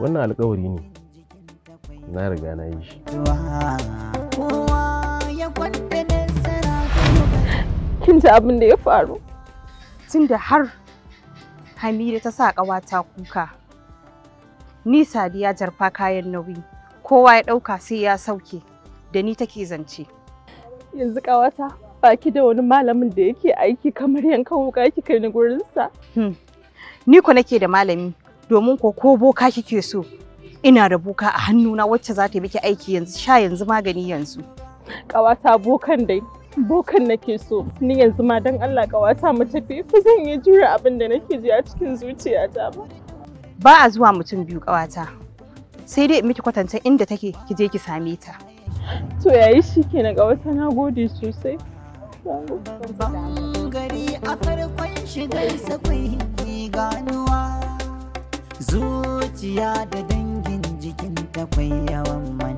wannan alkawari ne na riga na yi shi kin ta abin da ya faru Tun da har hamida ta sa ƙawata kuka ni sadiya jarfa kayan nauyi kowa ya ɗauka sai ya sauke da ni take zance yanzu ƙawata baki da wani malamin da yake aiki kamar yankan wuka kai ni gurinsa hmm. ni ko nake da malami domin ko ko boka kike so ina da boka a hannuna wacce za ta miki aiki yanzu sha yanzu magani yanzu ƙawata bokan dai bokan nake so ni yanzu ma dan Allah ƙawata mu tafi ku zan iya jure abin da nake ji a cikin zuciyata ba ba a zuwa mutum biyu ƙawata sai dai miki kwatanta inda take ki je ki same ta to yayi shikenan ƙawata na gode sosai gari a farkon shigar sakwai gano zuciya da dangin jikin takwai yawan